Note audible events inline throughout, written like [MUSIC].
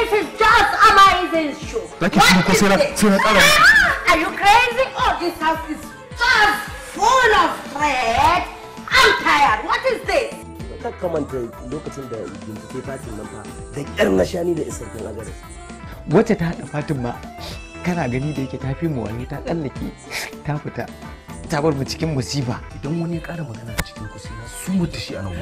This is just amazing show. Like what is it? Are you crazy? Oh, this house is just full of I'm tired. What is this? kamanta lokacin da bincike fatin nan fa da na shani da isar kan Wacce ta haɗa fatin ma kana gani da yake ta fi mu wani ta tsallake ta fita ta bar mu cikin musiba idan wani ya ƙara magana cikin kusina su mutu shi a nan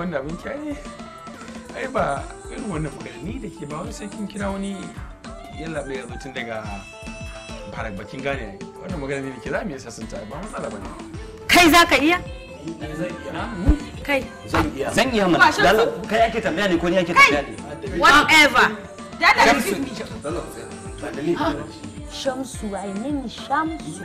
ban da abinci ai ai ba irin wannan magana ni da ke ba wani sai kin kira wani yalla bai yanzu tun daga farak bakin gane ai wannan magana ne da ke za mu yi sassanta ba matsala ba ne kai za ka iya kai zan iya mana lalla kai ake tambaya ne ko ni ake tambaya ne whatever dala shamsu ah, shamsu ai min shamsu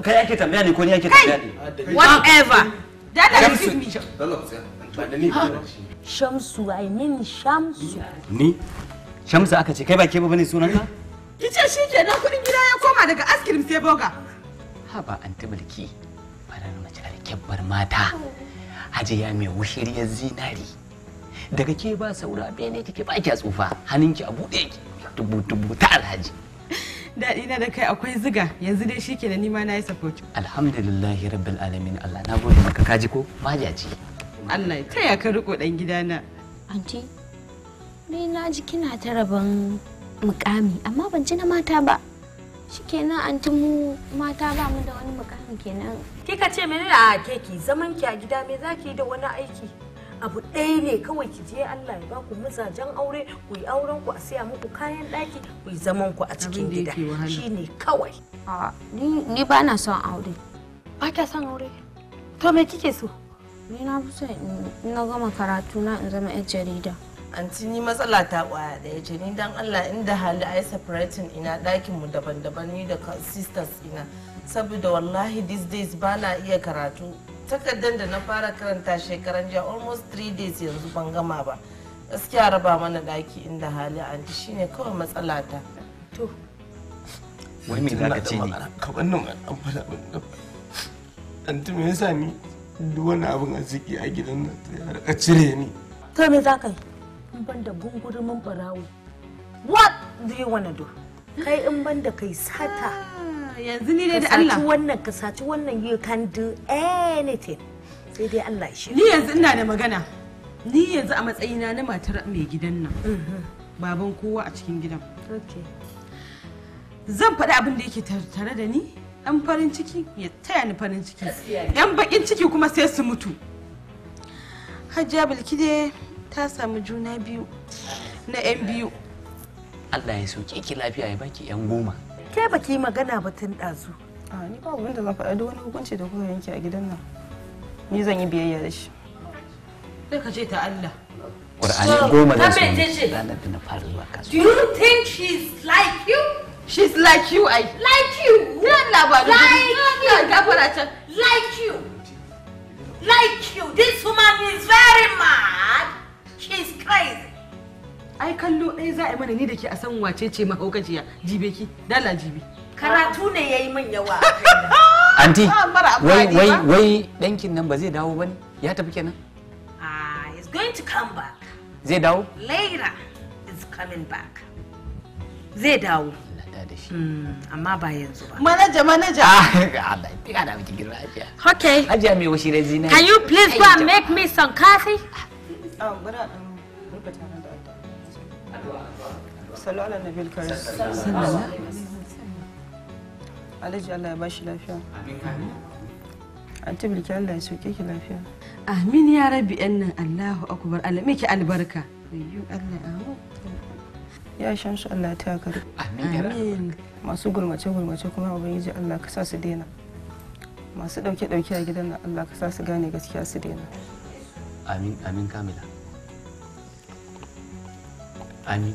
kai yake tambaya ne ko ni yake tambaya ne whatever dada excuse me shamsu i mean shamsu ni shamsu aka ce kai ba ke ba bane sunan ka kice shikenan kudin gida ya koma daga askirim sai boga ha ba anti bulki farar mace alkebbar mata hajiya mai wushiriyar zinari daga ke ba saura bene take ba ki tsufa ki a bude ki dubu dubu ta alhaji daɗi na da kai akwai ziga yanzu dai shi kenan nima na yi support alhamdulillah rabbil alamin Allah na gode maka kaji ko majaji Allah ya taya ka riko dan gidana anti ni na ji kina ta rabon mukami amma ban ji na mata ba shikenan anti mu mata ba mu da wani mukami kenan kika ce mene a keki zaman ki a gida me zaki yi da wani aiki abu ɗaya ne kawai ki je Allah ya baku mazajen aure ku yi auren ku a siya muku kayan ɗaki ku yi zaman ku a cikin gida shine kawai ni ba na son aure ba ta son aure to me kike so ni na fi so na gama karatu na in zama yan jarida anti ni matsala ta kwaya ɗaya yace ni dan Allah inda hali ai separating ina ɗakin mu daban-daban ni da sisters ina saboda wallahi these days ba na iya karatu takardar da na fara karanta shekaran jiya almost three days yanzu ban gama ba gaskiya raba mana daki inda hali shi shine kawai matsala ta to wani mai za ka ce ni kawai nan an fada ban anti me yasa ni duk wani abin arziki a gidan nan ta harka cire ni to me za ka yi in ban da gungurumin barawo what do you wanna do kai in ban da kai sata yanzu ni dai da Allah ka wannan ka saci wannan you can do anything sai dai Allah shi ni yanzu ina da magana ni yanzu a matsayina na matar mai gidan nan mm-hmm. baban kowa a cikin gidan zan faɗi abin da yake tare da ni ɗan farin ciki ya taya ni farin ciki ɗan baƙin ciki kuma sai su mutu hajiya bilkide ta samu juna biyu na 'yan biyu Allah ya sauke ki lafiya ya baki 'yan goma Ke baki magana batun ɗazu. A ni ba abin da zan faɗa duk wani hukunci da kuka yanke a gidan nan. Ni zan yi biyayya da shi. Sai ka ce ta Allah. Ƙur'ani goma da su ranar da na fara zuwa kasuwa. Do you think she's like you? She's like you, I. Like you. Yan labarin. Like you. Like you. Like you. This woman is very mad. ai kallo ɗaya za a yi mana ni da ke a san wace ce mahaukaciya jibe ki dala jibe karatu ne yayi min yawa [LAUGHS] anti wai wai wai dankin nan ba zai dawo bane ya tafi kenan ah is going to come back zai dawo later is coming back zai dawo da shi. Hmm, amma ba yanzu ba. Manaja manaja. Ah, [LAUGHS] Allah ajiya. mai washi da zina. Can you please go and make me some coffee? Oh, sallu ala nabil karim alhaji allah ya ba shi lafiya anti bilki allah ya soke ki lafiya amin ya rabi yan nan albarka ya shamsu allah ya kare amin masu gulmace gulmace kuma ubangiji allah ka sa su daina masu ɗauke-ɗauke a gidan nan allah ka sa su gane gaskiya su daina amin amin kamila amin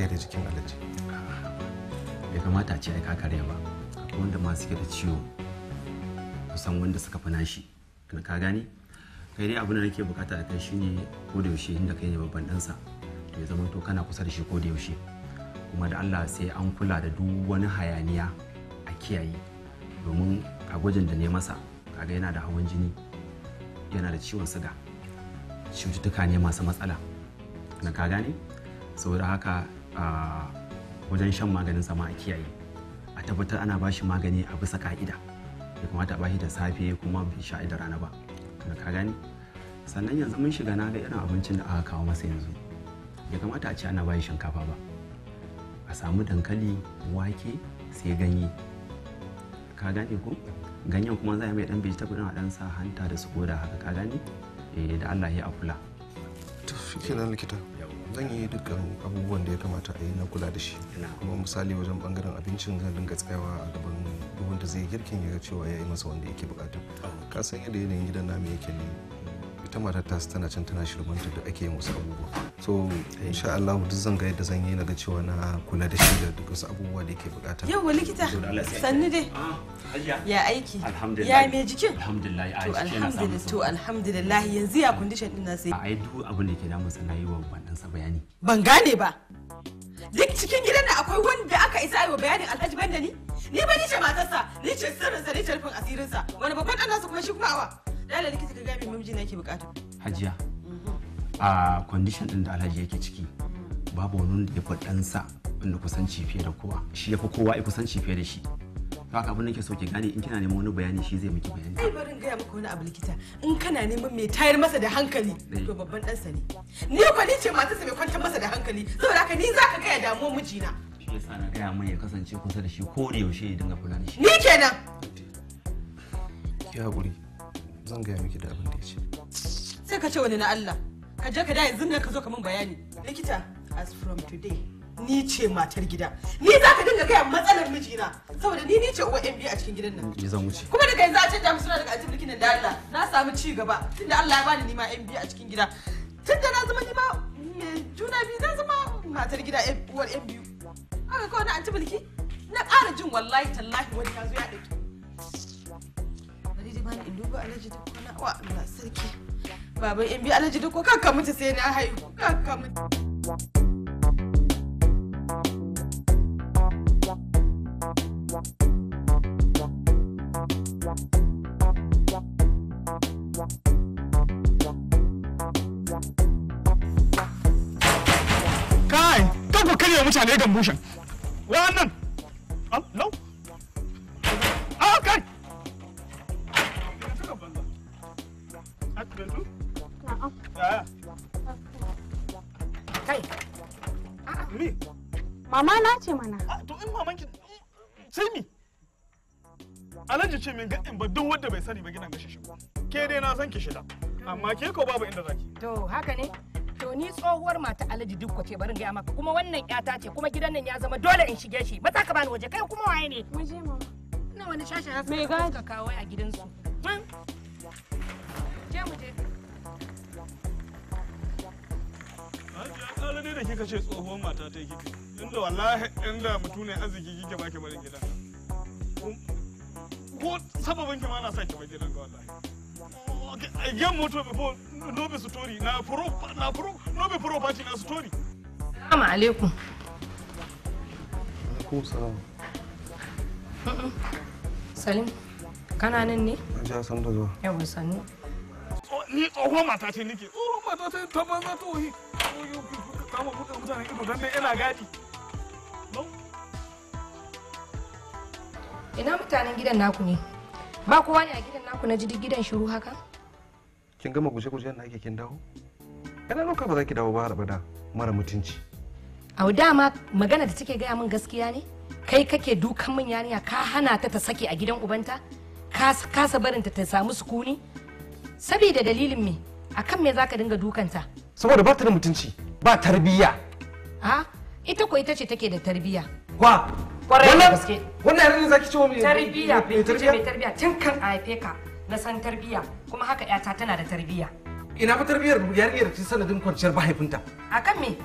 karya da jikin alaji bai kamata ce ai ka karya ba akwai wanda ma suke da ciwo kusan wanda suka fi nashi ka gani kai dai abin da nake bukata a kai shine ko da yaushe inda kai ne babban ɗansa to ya zama to kana kusa da shi ko da yaushe kuma da Allah sai an kula da duk wani hayaniya a kiyaye domin a gwajin da ne masa kaga yana da hawan jini yana da ciwon suga cututtuka ne masu matsala na ka gani saboda haka a wajen shan maganin sama a kiyaye a tabbatar ana ba shi magani a bisa ka'ida ya kamata a ba shi da safe kuma bai sha da rana ba ka gani sannan yanzu mun shiga na ga irin abincin da aka kawo masa yanzu ya kamata a ce ana bayi shinkafa ba a samu dankali wake sai ganye ka gane ko ganyen kuma za a mai dan ta a dan sa hanta da su koda haka ka gane eh, da Allah ya kula to likita zan yi dukkan abubuwan da ya kamata a yi na kula da shi kuma misali wajen bangaren abincin zan dinga tsayawa a gaban duk wanda zai girkin ya cewa ya yi masa wanda yake bukata oh. ka san yadda yanayin gidan namu yake ne ita matar ta tana can tana shirmanta da ake yin wasu abubuwa so eh. insha Allah duk zan ga yadda zan yi na ga cewa na kula da shi da duk wasu abubuwa da yake bukata yawa likita sannu dai ah, ya aiki ya me jikin alhamdulillah to alhamdulillah to alhamdulillah yanzu ya condition din sai ai duk abin da yake da mun sana yi wa wannan sa bayani ban gane ba duk cikin gidan da akwai wanda aka isa yi wa bayanin alhaji banda ni ni ba ni ce matarsa ni ce sirrinsa ni ce rufin asirinsa wani babban ɗan nasu kuma shi kuma awa Dala likita ka gabi mamji na ke bukata. Hajiya. Mhm. A condition din da Alhaji yake ciki babu wani da ya faɗansa wanda kusanci fiye da kowa shi ya fi kowa ya kusanci fiye da shi. haka abin da ke so ki gane in kina neman wani bayani shi zai miki bayani ai barin gaya maka wani abu likita in kana neman mai tayar masa da hankali eh. to babban ɗansa ne ni ko ni ce matarsa mai kwantar masa da hankali saboda haka ni za ka gaya damuwa mijina shi yasa na gaya mai ya kasance kusa da shi ko da yaushe ya dinga kula da shi ni kenan ki hakuri zan gaya miki da abin da ya ce sai ka ce wani na Allah ka je ka da yanzu nan ka zo ka min bayani likita as from today ni ce matar gida ni za ka dinga a matsalar mijina saboda ni ni ce uwa MB biyu a cikin gidan nan ni zan wuce kuma daga yanzu a canja musu daga asibiti nan da Allah na samu ci gaba tunda Allah ya bani ni ma yan biyu a cikin gida tunda na zama ni ma juna biyu zan zama matar gida uwar MB. biyu haka kawai na antibulki na ƙara jin wallahi tallahi wani ya zo ya ɗauki zai bani in da kwana wa Allah sarki baban in bi alaji ko mutu sai na haihu mutu kai mutane gambushin wannan lau Bintu? Na'am. Yaya? Kai. Me? Mama na ce mana. Ah, to in mamanki sai mi? Alhaji ce min gaɗin ba duk wanda bai sani ba gina gashi shi. Ke dai na san ki shida. Amma ke ko babu inda zaki. To haka ne. To ni tsohuwar mata Alhaji Dukko ce barin gaya maka kuma wannan ƴata ce kuma gidan nan ya zama dole in shige shi. Maza ka bani waje kai kuma waye ne? Mu je mama. Ina wani shashin hasa ka kawo a gidansu. Hmm? Alade da kika ce tsohuwar mata ta kike. Inda wallahi inda mutum ne arziki kike ba ki Ko sababin ki ma na sa ki bar gidan ga wallahi. Again moto before no be story na pro na pro no be pro party na story. Assalamu alaikum. Alaikum salam. Salim, kana nan ne? Ja san da zuwa. Yawwa sannu. Ni tsohuwar mata ce nike. Tsohuwar mata ce ta maza ta wahi. ina mutanen gidan naku ne ba kowa ne a gidan naku na jidi gidan shiru haka kin gama guje-guje na ake kin dawo yana lokacin ba za ki dawo ba har abada mara mutunci a dama magana da take gaya min gaskiya ne kai kake dukan min yariya ka hana ta ta sake a gidan ubanta ka kasa barinta ta samu sukuni saboda dalilin me akan me zaka dinga dukanta saboda ba ta da mutunci ba tarbiyya ha ita ko ita ce take da tarbiyya wa kwarai da gaske wannan yarinya zaki ce mai tarbiyya mai tarbiyya tun kan a haife ka na san tarbiyya kuma haka yata tana da tarbiyya ina fa tarbiyyar yarinyar ta sanadin kwanciyar mahaifinta akan me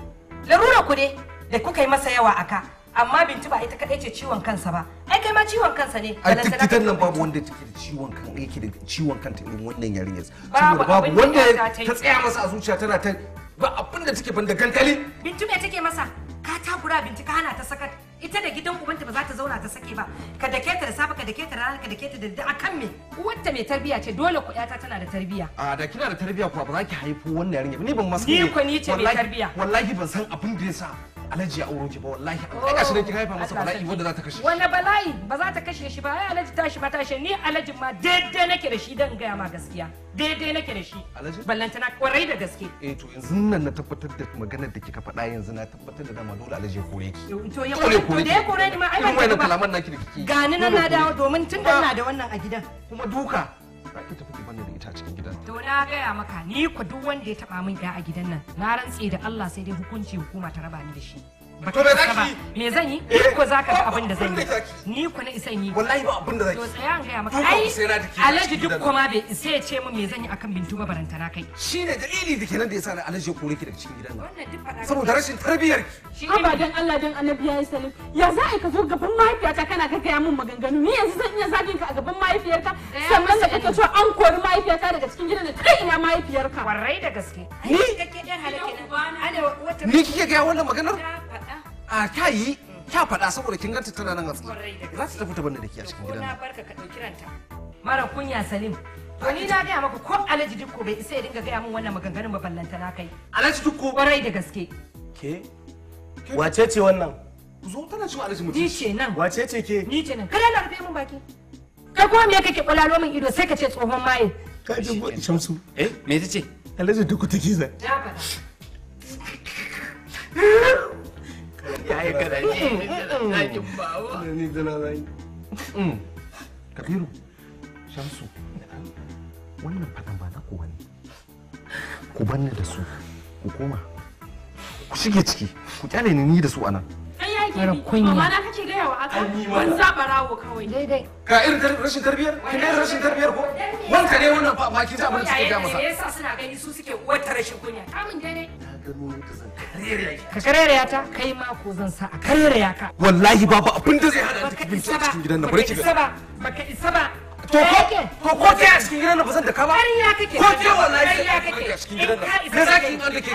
larura ku ne da kuka yi masa yawa aka amma bintu ba ita kadai ce ciwon kansa ba kai ma ciwon kansa ne a duk nan babu wanda take da ciwon kan yake da ciwon kanta irin wannan yarinyar saboda babu wanda ta tsaya masa a zuciya tana ta ba abin da take ban da bintu me take masa ka takura bintu ka hana ta sakar ita da gidan ubanta ba za ta zauna ta sake ba ka dake ta da safa ka dake ta rana ka dake ta da akan me uwarta mai tarbiya ce dole ku yata tana da tarbiya a da kina da tarbiya kuwa ba za ki haifo wannan yarinya ni ban masa ni ko ni ce mai tarbiya wallahi ban san abin da yasa Alaji ya auro ki ba wallahi ai gashi da kika haifa masa bala'i wanda za ta kashe Wanda bala'i ba za ta kashe shi ba ai alaji tashi ba tashi ni alajin ma daidai nake da shi dan gaya ma gaskiya daidai nake da shi ballanta na kwarai da gaske eh to yanzu nan na tabbatar da maganar da kika faɗa yanzu na tabbatar da dama dole alaji kore ki to ya kore ki da ya kore ni ma ai ban da kalaman naki da kike gani nan na dawo domin tun da ina da wannan a gidan kuma duka amfani ita cikin gidan to na gaya maka ni ku duk wanda ya taɓa min da a gidan nan na rantse da Allah sai dai hukunci hukuma ta raba ni da shi ba ka ba me zan yi eh, ko za ka ga abin da zan yi ni ko na isan yi wallahi ba abin da zan yi to tsaya an gaya maka ai alhaji duk kuma bai isa ya ce min me zan yi akan bintu ba barantana kai shine dalili da kenan da yasa na alhaji ya kore ki daga cikin gidan nan saboda rashin tarbiyyar ki ba dan Allah dan annabi yayi salim ya za ka zo gaban mahaifiyata kana ga gaya min maganganu ni yanzu zan iya zagin ka a gaban mahaifiyarka sannan da kake cewa an kori mahaifiyata daga cikin gidan nan kai ina mahaifiyarka warai da gaske ni kike ga wannan maganar a ta yi kya faɗa saboda kin ganta tana nan a tsaye za ta tafi ta banda da ke a cikin gidan na barka ka ɗauki ranta mara kunya salim to ni na gaya maka ko alhaji dukko bai isa ya dinga gaya min wannan maganganun ba ballanta na kai alhaji dukko barai da gaske ke wace ce wannan zo tana cin alhaji mutum ni ce nan wace ce ke ni ce nan kada na rufe min baki kai kuma me kake kwalalo min ido sai ka ce tsohon maye ka ji shamsu eh me ta ce alhaji dukko take zai kabiru shamsu wannan fadan ba na ku bane ku banni da su ku koma ku shige ciki ku kyale ni ni da su anan mara kunya amma na kake gaya wa aka ban saba rawo kawai daidai ka irin rashin tarbiyar kin irin rashin tarbiyar ko wanka ne wannan ba ma kin ji abin da suke ga masa yasa suna gani su suke wata rashin kunya kamun daidai ka kai mako a ka wallahi babu abin da zai hada da cikin gidan nan ki ba baka isa ba to ko ko ke a cikin gidan nan da ka ba kake ke wallahi kake a cikin gidan nan ka ke abin da kike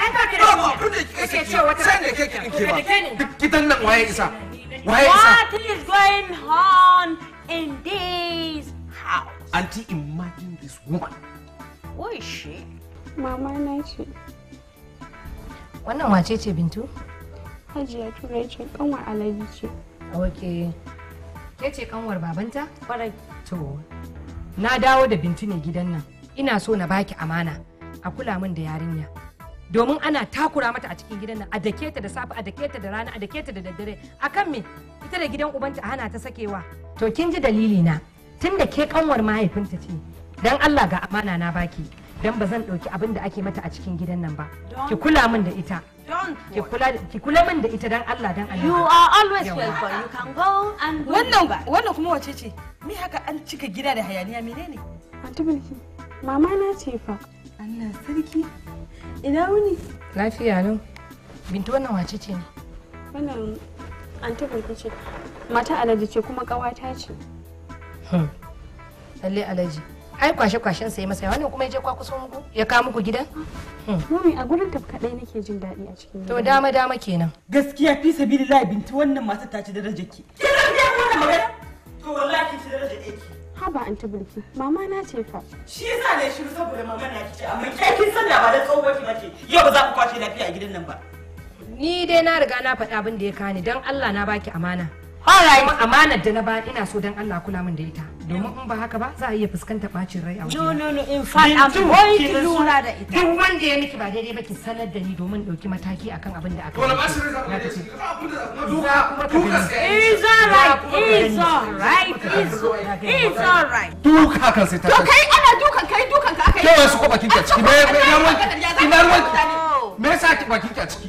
san da din ke ba duk gidan nan waye isa waye isa what is going on in this house auntie imagine this woman who is she mama na ce Wannan wace ce Bintu? Hajiya Turai ce kanwar alaji ce. Ok. Ke ce kanwar babanta? Kwarai. To, na dawo da Bintu ne gidan nan. Ina so na baki amana. A kula min da yarinya. Domin ana takura mata a cikin gidan nan, a dake ta da safe, a dake ta da rana, a dake ta da daddare. Akan me? Ita da gidan ubanta a hana ta sakewa. To kin ji dalili na. Tun da ke kanwar mahaifinta ce. Dan Allah ga amana na baki. don ba zan ɗauki abin da ake mata a cikin gidan nan ba ki kula min da ita ki kula min da ita don Allah don Allah you are always welcome you can go and wannan wannan kuma wace ce me haka an cika gida da hayaniya menene anti mulki mama na ce fa Allah sarki ina wuni lafiya nan bintu wannan wace ce ne wannan anti mulki ce mata alaji ce kuma kawata ce lalle alaji ai kwashe kwashen sai masa wannan kuma ya je kwakuso muku ya kawo muku gidan mami a gurin tafka dai nake jin daɗi a cikin to dama dama kenan gaskiya fi sabilillahi binti wannan mata ta ci daraja ki ki san ga wannan magana to wallahi ki ci daraja ki haba an tubulki mama na ce fa shi yasa ne shi saboda mama na kice amma kai kin san ba da tsohuwar ki bace yau ba za ku kwashe lafiya a gidan nan ba ni dai na riga na faɗa abin da ya kani dan Allah na baki amana Alright. Amanar da na ba ina so dan Allah kula min da ita. domin in ba haka ba za a iya fuskanta bacin rai a wajen no no no in fact I'm going to lura da ita duk wanda ya miki ba daidai ba ki sanar da ni domin dauki mataki akan abin da aka yi wala shi rai za ku ce duka duka is all right it's all right it's all right duka kan sai ta to kai ana dukan kai dukan ka aka yi kewa su ko bakin ka ciki me me ruwan ina me yasa ki bakin ka ciki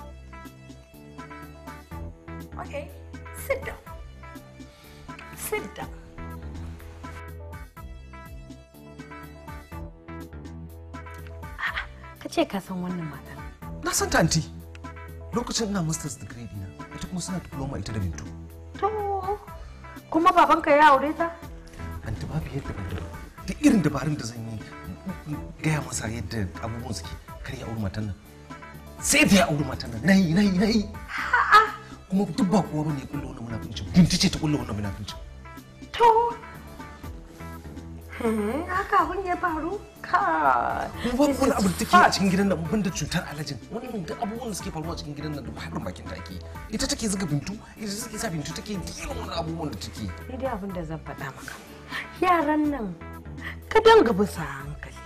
Okay, sit down. Sit down. Ka ce ka san wannan matan. Na san tanti. Lokacin ina master's degree dina, ita kuma suna diploma ita da Bintu. To, kuma babanka ya aure ta? An ta babu yadda ban duk irin dabarun da zan yi gaya masa yadda abubuwan suke kar ya auri matan nan. Sai da ya auri matan nan, nayi nayi nayi. kuma duk ba kowa bane ya kulle wannan munafincin binti ce ta kullu wannan munafincin to hmm, haka abun ya faru ka ba wani abu da take a cikin gidan nan banda cutar alajin mun ga abubuwan da suke faruwa a cikin gidan nan da harin bakin take ita take zuga bintu ita take sa bintu take yin wannan abubuwan da take ni dai abin da zan faɗa maka yaran nan ka danga sa hankali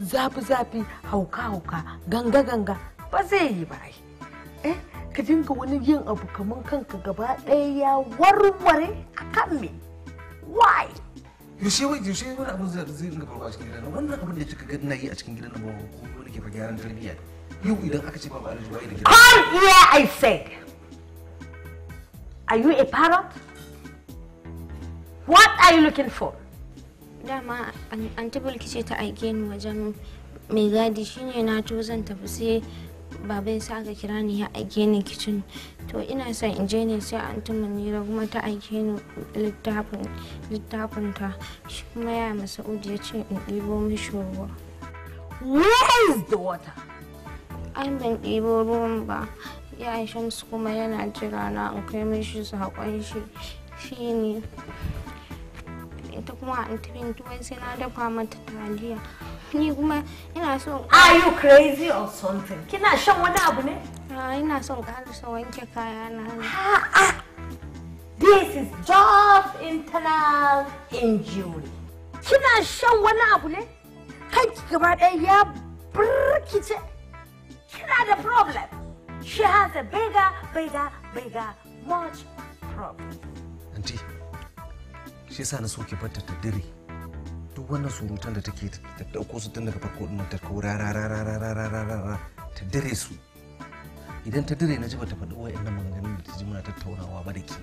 zafi zafi hauka hauka ganga ganga ba zai yi ba eh ka dinga wani yin abu kamar kanka gaba ɗaya ya warware a kan me why yaushe wai yaushe wani abu zai zai dinga faruwa a cikin gidan wannan abin da kika ga na yi a cikin gidan nan ba ko ne ke fa gyaran tarbiyya yau idan aka ce ba ba da gidan come here i said are you a parrot what are you looking for dama an tabbalki ce ta aike ni wajen mai gadi shine na to zan tafi sai baba sa aka kira ni ya aike ni kicin to ina son in je ne sai an da kuma ta aike ni littafin ta shi kuma ya uji ya ce in ɗibo mishi ruwa where is the water an ban ɗibo ruwan ba ya shamsu kuma yana jira na an kai mishi saƙon shi shi ne ita kuma an tafi sai na dafa mata taliya ni kuma ina so are you crazy or something kina shan wani abu ne ah, ina son ka wanke kaya na a'a this is job internal injury kina shan wani abu ne kanki gaba ɗaya ya burkice kina da problem she has a bigger bigger bigger much problem auntie shi yasa na so ki fata ta dare duk wannan surutan da take ta dauko su tun daga farko din ta ko rara rara rara rara rara ta dire su idan ta dire na ji bata faɗi wa'annan maganganun da ta ji muna tattaunawa ba da ke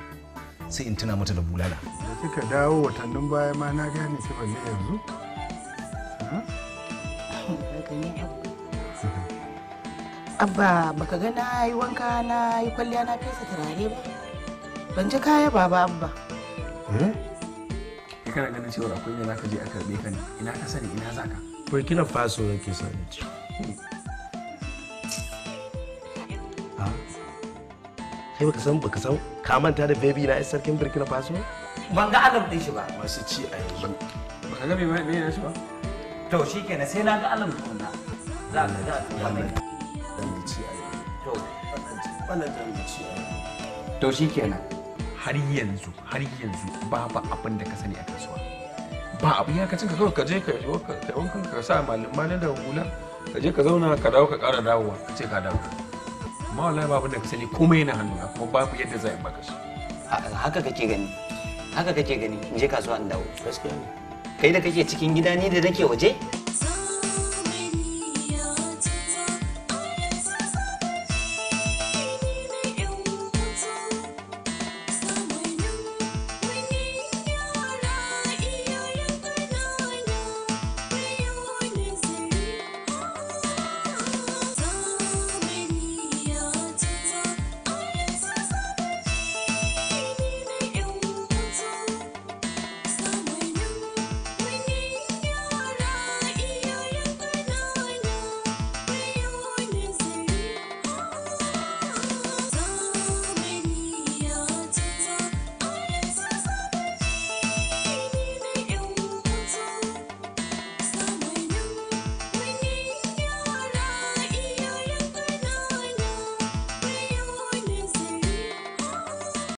sai in tuna mata da bulala da kika dawo watannin baya ma na gane ki balle yanzu abba baka ga na yi wanka na yi kwalliya na fesa turare ba ban ji kaya ba ba abba eh kana ganin cewa akwai ne zaka je a karbe ka ne ina ka sani ina zaka burkina faso yake sani ce ah. kai baka san baka san ka manta da baby na ai sarkin burkina faso ban ga alam din shi ba masu ci a yanzu ka ga me me ne shi ba to kenan sai na ga alam din za ka ga wannan ci a to wannan ci a yanzu to har yanzu har yanzu babu abin da ka sani a kasuwa ba abu ya kacin ka kawai ka je ka yi wankan ka sa malin da hula ka je ka zauna ka dawo ka kara dawowa ka ce ka dawo amma wallahi babu da ka sani komai yana hannuna kuma babu yadda za a yi baka shi haka kake gani haka kake gani in je kasuwa in dawo gaskiya ne kai da kake cikin gida ni da nake waje